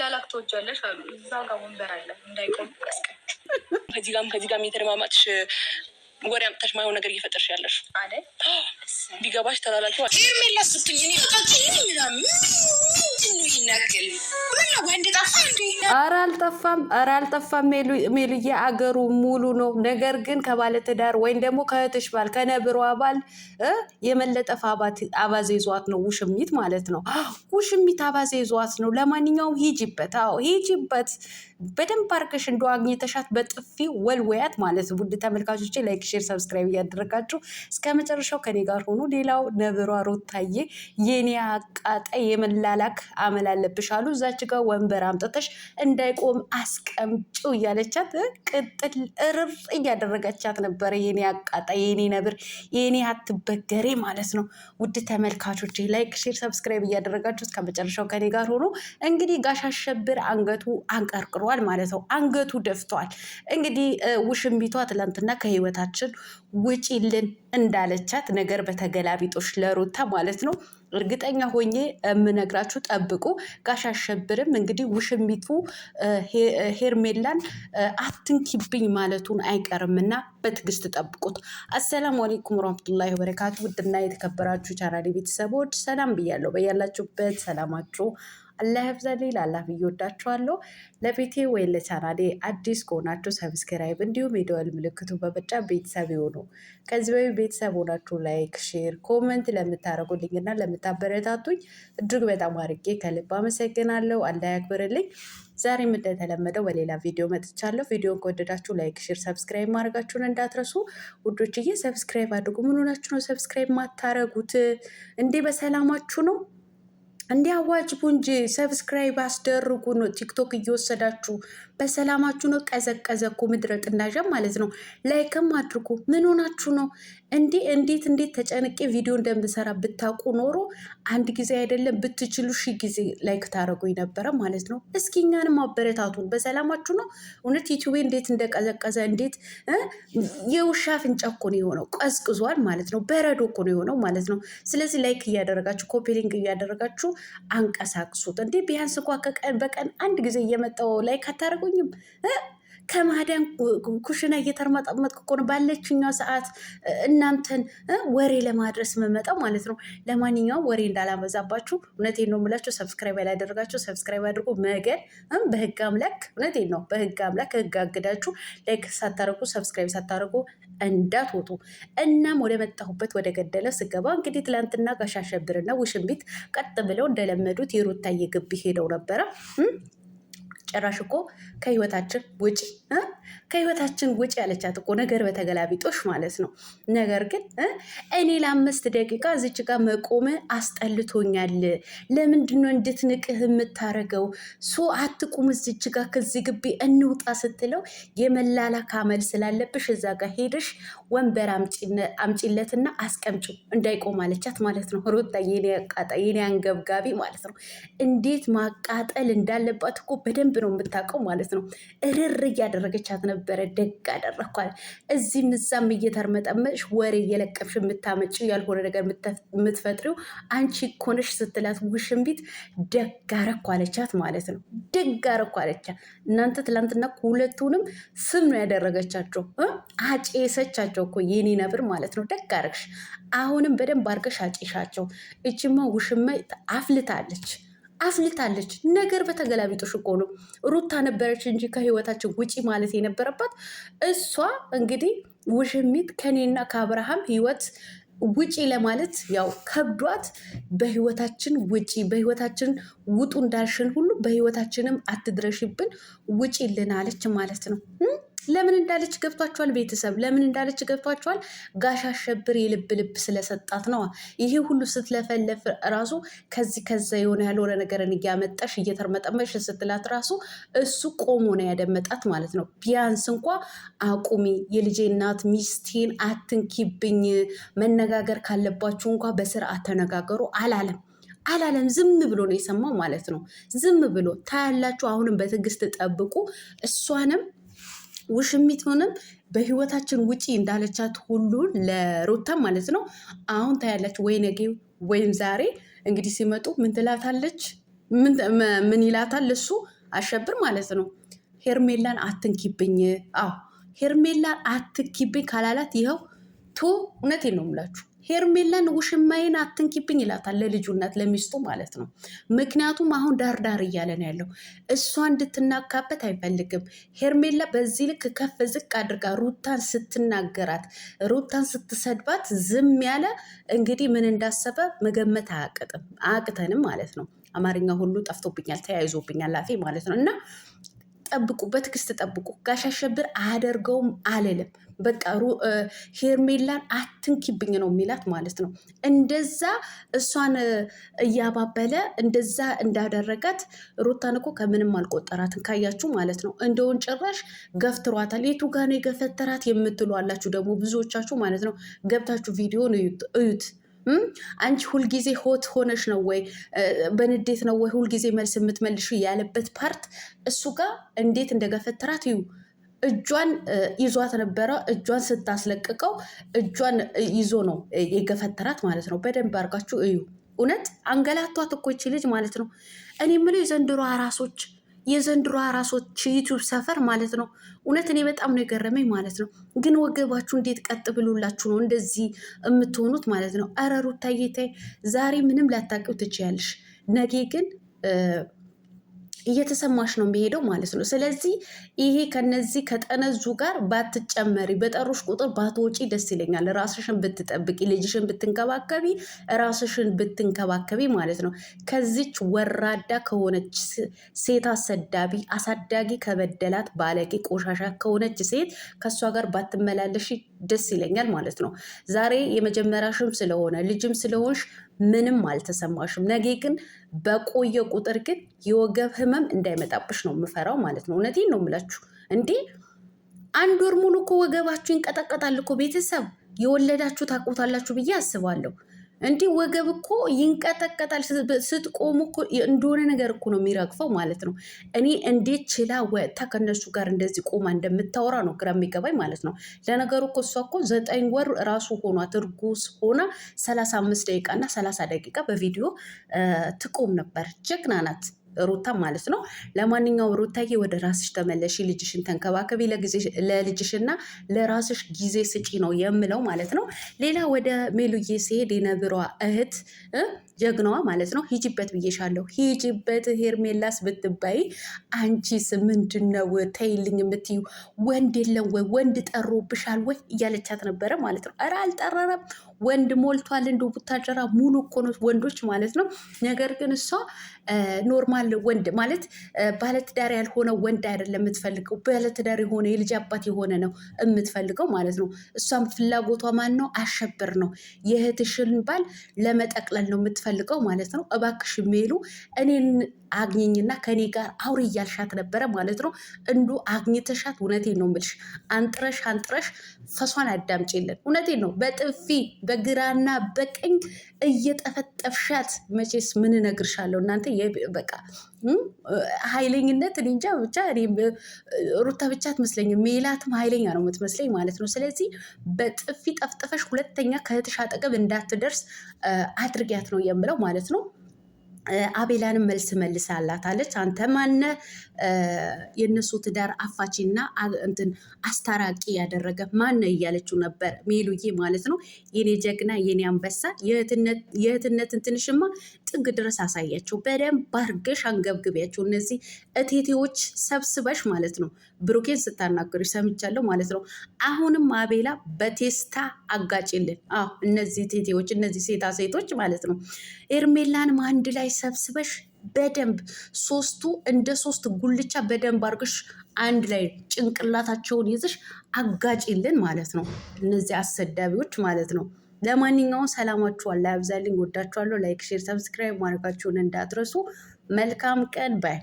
መላላክ ትወጃለሽ አሉ። እዛ ጋር ወንበር አለ እንዳይቆም ቀስቀ ከዚህ ጋም ከዚህ ጋም የተደማማጥሽ ወሬ አምጥተሽ ማይሆን ነገር እየፈጠርሽ ያለሽ አለ ቢገባሽ ተላላኪ ኧረ አልጠፋም፣ ኧረ አልጠፋም። ሜሉዬ አገሩ ሙሉ ነው። ነገር ግን ከባለትዳር ወይም ደግሞ ከእህትሽ ባል ከነብሮ አባል የመለጠፍ አባዜ ይዟት ነው፣ ውሽሚት ማለት ነው። ውሽሚት አባዜ ይዟት ነው። ለማንኛውም ሂጂበት፣ አዎ ሂጂበት። በደንብ አድርገሽ እንደው አግኝተሻት በጥፊ ወልወያት ማለት ነው። ውድ ተመልካቾቼ ላይክ፣ ሼር፣ ሰብስክራይብ እያደረጋችሁ እስከ መጨረሻው ከኔ ጋር ሆኑ። ሲሆኑ፣ ሌላው ነብሯ ሩታዬ የኔ አቃጣይ የመላላክ አመል አለብሽ አሉ። እዛች ጋር ወንበር አምጥተሽ እንዳይቆም አስቀምጪው እያለቻት ቅጥል እርር እያደረገቻት ነበረ። የኔ አቃጣይ፣ የኔ ነብር፣ የኔ አትበገሬ ማለት ነው። ውድ ተመልካቾች ላይክ፣ ሼር፣ ሰብስክራይብ እያደረጋችሁ እስከ መጨረሻው ከኔ ጋር ሆኖ እንግዲህ ጋሽ አሸብር አንገቱ አንቀርቅሯል ማለት ነው። አንገቱ ደፍቷል። እንግዲህ ውሽንቢቷ ትላንትና ከህይወታችን ውጪልን እንዳለቻት ነገር በተ ተገላቢጦች ለሩታ ማለት ነው። እርግጠኛ ሆኜ የምነግራችሁ ጠብቁ። ጋሽ አሸብርም እንግዲህ ውሽሚቱ ሄርሜላን አትንኪብኝ ማለቱን አይቀርም እና በትግስት ጠብቁት። አሰላሙ አሌይኩም ረመቱላ ወበረካቱ። ውድና የተከበራችሁ ቻናሌ ቤተሰቦች ሰላም ብያለሁ። በያላችሁበት ሰላማችሁ አላህ ያብዛልኝ። ላላህ ብዬ ወዳችኋለሁ። ለቤቴ ወይ ለቻናሌ አዲስ ከሆናችሁ ሰብስክራይብ፣ እንዲሁም የደወል ምልክቱ በመጫ ቤተሰብ የሆኑ ከዚህ በፊት ቤተሰብ ሆናችሁ ላይክ፣ ሼር፣ ኮመንት ለምታደርጉልኝና ለምታበረታቱኝ እጅግ በጣም አርጌ ከልብ አመሰግናለሁ። አላህ ያክብርልኝ። ዛሬም እንደተለመደው በሌላ ቪዲዮ መጥቻለሁ። ቪዲዮን ከወደዳችሁ ላይክ፣ ሼር፣ ሰብስክራይብ ማድረጋችሁን እንዳትረሱ ውዶችዬ። ሰብስክራይብ አድርጉ። ምን ሆናችሁ ነው ሰብስክራይብ ማታረጉት? እንዴ በሰላማችሁ ነው? እንዲህ አዋጅ ቡንጅ ሰብስክራይብ ነው ቲክቶክ እየወሰዳችሁ በሰላማችሁ ነው? ቀዘቀዘኩ ምድረ ጥናዣ ማለት ነው። ላይክም አድርጉ። ምን ሆናችሁ ነው? እንዲህ እንዴት እንዴት ተጨንቄ ቪዲዮ እንደምሰራ ብታውቁ ኖሮ አንድ ጊዜ አይደለም ብትችሉ ሺ ጊዜ ላይክ ታደረጉኝ ነበረ ማለት ነው። እስኪ እኛንም አበረታቱን። በሰላማችሁ ነው? እውነት ዩቲዩቤ እንዴት እንደቀዘቀዘ እንዴት የውሻ አፍንጫ እኮ ነው የሆነው። ቀዝቅዟል ማለት ነው። በረዶ እኮ ነው የሆነው ማለት ነው። ስለዚህ ላይክ እያደረጋችሁ ኮፒ ሊንክ እያደረጋችሁ አንቀሳቅሱት። እንዴ ቢያንስ እንኳ በቀን አንድ ጊዜ እየመጣው ላይክ አታደረጉ አልቻልኩኝም። ከማዳን ኩሽና እየተርመጠመጥኩ እኮ ነው ባለችኛው ሰዓት እናንተን ወሬ ለማድረስ መመጣው ማለት ነው። ለማንኛውም ወሬ እንዳላበዛባችሁ እውነቴን ነው የምላችሁ። ሰብስክራይብ ያላደረጋችሁ ሰብስክራይብ አድርጉ። መገን በህግ አምላክ እውነቴን ነው በህግ አምላክ ህግ አግዳችሁ ላይክ ሳታደርጉ ሰብስክራይብ ሳታደርጉ እንዳትወጡ። እናም ወደ መጣሁበት ወደ ገደለ ስገባ እንግዲህ ትላንትና ጋሻሸብርና ውሽንቢት ቀጥ ብለው እንደለመዱት የሩታዬ ግቢ ሄደው ነበረ። ጭራሽ እኮ ከህይወታችን ውጪ ከህይወታችን ውጭ ያለቻት እኮ ነገር በተገላቢጦሽ ማለት ነው። ነገር ግን እኔ ለአምስት ደቂቃ እዚች ጋር መቆም አስጠልቶኛል። ለምንድነው እንድትንቅህ የምታረገው? ሶ አትቁም እዚች ጋር ከዚህ ግቢ እንውጣ ስትለው የመላላክ አመል ስላለብሽ እዛ ጋር ሄደሽ ወንበር አምጪለትና አስቀምጭ እንዳይቆም አለቻት ማለት ነው። ሩታ የኔ አንገብጋቢ ማለት ነው። እንዴት ማቃጠል እንዳለባት እኮ በደንብ ነው የምታውቀው ማለት ነው። እርር እያደረገቻት ነበር። ነበረ ደግ አደረኳል። እዚህም እዛም እየተርመጠመጥሽ ወሬ እየለቀምሽ የምታመጪው ያልሆነ ነገር የምትፈጥሪው አንቺ እኮ ነሽ ስትላት ውሽንቢት ደግ አረኳለቻት ማለት ነው። ደግ አረኳለቻት። እናንተ ትላንትና ሁለቱንም ስም ነው ያደረገቻቸው። አጨሰቻቸው እኮ የኔ ነብር ማለት ነው። ደግ አረግሽ። አሁንም በደንብ አርገሽ አጨሻቸው። እችማ ውሽማ አፍልታለች። አፍልታለች። ነገር በተገላቢጦሽ እኮ ነው። ሩታ ነበረች እንጂ ከህይወታችን ውጪ ማለት የነበረባት እሷ። እንግዲህ ውሽሚት ከኔና ከአብርሃም ህይወት ውጪ ለማለት ያው ከብዷት በህይወታችን ውጪ በህይወታችን ውጡ እንዳልሽን ሁሉ በህይወታችንም አትድረሽብን ውጪ ልናለች ማለት ነው። ለምን እንዳለች ገብቷቸዋል። ቤተሰብ ለምን እንዳለች ገብቷቸዋል። ጋሽ አሸብር የልብ ልብ ስለሰጣት ነዋ። ይሄ ሁሉ ስትለፈለፍ ራሱ ከዚህ ከዛ የሆነ ያልሆነ ነገርን እያመጣሽ እየተርመጠመሽ ስትላት ራሱ እሱ ቆሞ ነው ያደመጣት ማለት ነው። ቢያንስ እንኳ አቁሚ፣ የልጄ እናት ሚስቴን አትንኪብኝ፣ መነጋገር ካለባችሁ እንኳ በስርዓት ተነጋገሩ አላለም አላለም ዝም ብሎ ነው የሰማው ማለት ነው። ዝም ብሎ ታያላችሁ። አሁንም በትዕግስት ጠብቁ። እሷንም ውሽሚቱንም በህይወታችን ውጪ እንዳለቻት ሁሉ ለሩታም ማለት ነው። አሁን ታያለች ወይ ነገ ወይም ዛሬ እንግዲህ ሲመጡ ምን ትላታለች? ምን ይላታል እሱ አሸብር ማለት ነው። ሄርሜላን አትንኪብኝ፣ አዎ ሄርሜላን አትንኪብኝ ካላላት ይኸው ቱ እውነቴን ነው የምላችሁ ሄርሜላን ውሽማዬን አትንኪብኝ ይላታል፣ ለልጁነት ለሚስጡ ማለት ነው። ምክንያቱም አሁን ዳርዳር እያለ ነው ያለው። እሷ እንድትናካበት አይፈልግም። ሄርሜላ በዚህ ልክ ከፍ ዝቅ አድርጋ ሩታን ስትናገራት፣ ሩታን ስትሰድባት ዝም ያለ እንግዲህ ምን እንዳሰበ መገመት አያቅጥም አያቅተንም ማለት ነው። አማርኛ ሁሉ ጠፍቶብኛል፣ ተያይዞብኛል ላፌ ማለት ነው። እና ጠብቁ፣ በትዕግስት ጠብቁ። ጋሽ አሸብር አያደርገውም አልልም። በቃ ሄርሜላን አትንኪብኝ ነው የሚላት ማለት ነው። እንደዛ እሷን እያባበለ እንደዛ እንዳደረጋት ሩታን እኮ ከምንም አልቆጠራትን ካያችሁ ማለት ነው። እንደውን ጭራሽ ገፍትሯታል። የቱ ጋ ነው የገፈተራት የምትሉ አላችሁ ደግሞ ብዙዎቻችሁ ማለት ነው። ገብታችሁ ቪዲዮን እዩት። አንቺ ሁልጊዜ ሆት ሆነሽ ነው ወይ በንዴት ነው ወይ ሁልጊዜ መልስ የምትመልሽ ያለበት ፓርት እሱ ጋር እንዴት እንደገፈትራት እዩ። እጇን ይዟት ነበረ። እጇን ስታስለቅቀው እጇን ይዞ ነው የገፈተራት ማለት ነው። በደንብ አርጋችሁ እዩ። እውነት አንገላቷት እኮ ይቺ ልጅ ማለት ነው። እኔ የምለው የዘንድሮ አራሶች የዘንድሮ አራሶች ዩቱብ ሰፈር ማለት ነው። እውነት እኔ በጣም ነው የገረመኝ ማለት ነው። ግን ወገባችሁ እንዴት ቀጥ ብሎላችሁ ነው እንደዚህ የምትሆኑት ማለት ነው? ኧረ ሩታዬ ተይ፣ ዛሬ ምንም ላታውቂው ትችያለሽ፣ ነገ ግን እየተሰማሽ ነው የሚሄደው ማለት ነው። ስለዚህ ይሄ ከነዚህ ከጠነዙ ጋር ባትጨመሪ፣ በጠሩሽ ቁጥር ባትወጪ ደስ ይለኛል። ራስሽን ብትጠብቂ፣ ልጅሽን ብትንከባከቢ፣ ራስሽን ብትንከባከቢ ማለት ነው። ከዚች ወራዳ ከሆነች ሴት አሰዳቢ፣ አሳዳጊ ከበደላት ባለቂ፣ ቆሻሻ ከሆነች ሴት ከእሷ ጋር ባትመላለሽ ደስ ይለኛል ማለት ነው። ዛሬ የመጀመሪያሽም ስለሆነ ልጅም ስለሆንሽ ምንም አልተሰማሽም። ነገ ግን በቆየ ቁጥር ግን የወገብ ህመም እንዳይመጣብሽ ነው የምፈራው ማለት ነው። እውነቴን ነው የምላችሁ። እንዴ አንድ ወር ሙሉ እኮ ወገባችሁ ይንቀጠቀጣል እኮ ቤተሰብ የወለዳችሁ ታቆታላችሁ ብዬ አስባለሁ። እንዲ ወገብ እኮ ይንቀጠቀጣል። ስትቆሙ እንደሆነ ነገር እኮ ነው የሚረግፈው ማለት ነው። እኔ እንዴት ችላ ወጥታ ከነሱ ጋር እንደዚህ ቆማ እንደምታወራ ነው ግራ የሚገባኝ ማለት ነው። ለነገሩ እኮ እሷ እኮ ዘጠኝ ወር ራሱ ሆኗት እርጉዝ ሆና ሰላሳ አምስት ደቂቃ እና ሰላሳ ደቂቃ በቪዲዮ ትቆም ነበር። ጀግና ናት። ሩታ ማለት ነው። ለማንኛውም ሩታዬ ወደ ራስሽ ተመለሽ፣ ልጅሽን ተንከባከቢ፣ ለልጅሽና ለራስሽ ጊዜ ስጪ ነው የምለው ማለት ነው። ሌላ ወደ ሜሉዬ ሲሄድ የነብሯ እህት ጀግናዋ ማለት ነው። ሂጅበት ብዬሻለሁ፣ ሂጅበት ሄርሜላስ ብትባይ አንቺስ ምንድነው ተይልኝ የምትዩ ወንድ የለም ወይ ወንድ ጠሮብሻል ወይ እያለቻት ነበረ ማለት ነው። ኧረ አልጠረረም፣ ወንድ ሞልቷል። እንደ ቡታጀራ ሙሉ እኮ ነው ወንዶች ማለት ነው። ነገር ግን እሷ ኖርማል ወንድ ማለት ባለትዳር ያልሆነ ወንድ አይደለም የምትፈልገው፣ ባለትዳር የሆነ የልጅ አባት የሆነ ነው የምትፈልገው ማለት ነው። እሷም ፍላጎቷ ማን ነው? አሸብር ነው። የእህትሽን ባል ለመጠቅለል ነው የምትፈልገው የምትፈልገው ማለት ነው። እባክሽ ሜሉ እኔን አግኘኝና ከኔ ጋር አውሪ እያልሻት ነበረ ማለት ነው። እንዱ አግኝተሻት፣ እውነቴን ነው የምልሽ፣ አንጥረሽ አንጥረሽ ፈሷን አዳምጪልን። እውነቴን ነው በጥፊ በግራና በቀኝ እየጠፈጠፍሻት። መቼስ ምን እነግርሻለሁ እናንተ በቃ ኃይለኝነት እኔ እንጃ ብቻ ሩታ ብቻ አትመስለኝም። ሜላትም ኃይለኛ ነው የምትመስለኝ ማለት ነው። ስለዚህ በጥፊ ጠፍጥፈሽ ሁለተኛ ከእህትሽ አጠገብ እንዳትደርስ አድርጊያት ነው የምለው ማለት ነው። አቤላንም መልስ አላታለች። አንተ ማነ የእነሱ ትዳር አፋችና እንትን አስታራቂ ያደረገ ማነ እያለችው ነበር ሜሉዬ ማለት ነው። የኔ ጀግና የኔ አንበሳ የእህትነትን ትንሽማ ጥግ ድረስ አሳያቸው። በደንብ አርገሽ አንገብግቢያቸው። እነዚህ እቴቴዎች ሰብስበሽ ማለት ነው። ብሩኬን ስታናገሩ ሰምቻለሁ ማለት ነው። አሁንም አቤላ በቴስታ አጋጭልን። እነዚህ እቴቴዎች፣ እነዚህ ሴታ ሴቶች ማለት ነው። ኤርሜላንም አንድ ላይ ሰብስበሽ በደንብ ሶስቱ እንደ ሶስት ጉልቻ በደንብ አድርገሽ አንድ ላይ ጭንቅላታቸውን ይዘሽ አጋጭልን ማለት ነው፣ እነዚህ አሰዳቢዎች ማለት ነው። ለማንኛውም ሰላማችኋል ላይ አብዛልኝ፣ ወዳችኋለሁ። ላይክ፣ ሼር፣ ሰብስክራይብ ማድረጋችሁን እንዳትረሱ። መልካም ቀን ባይ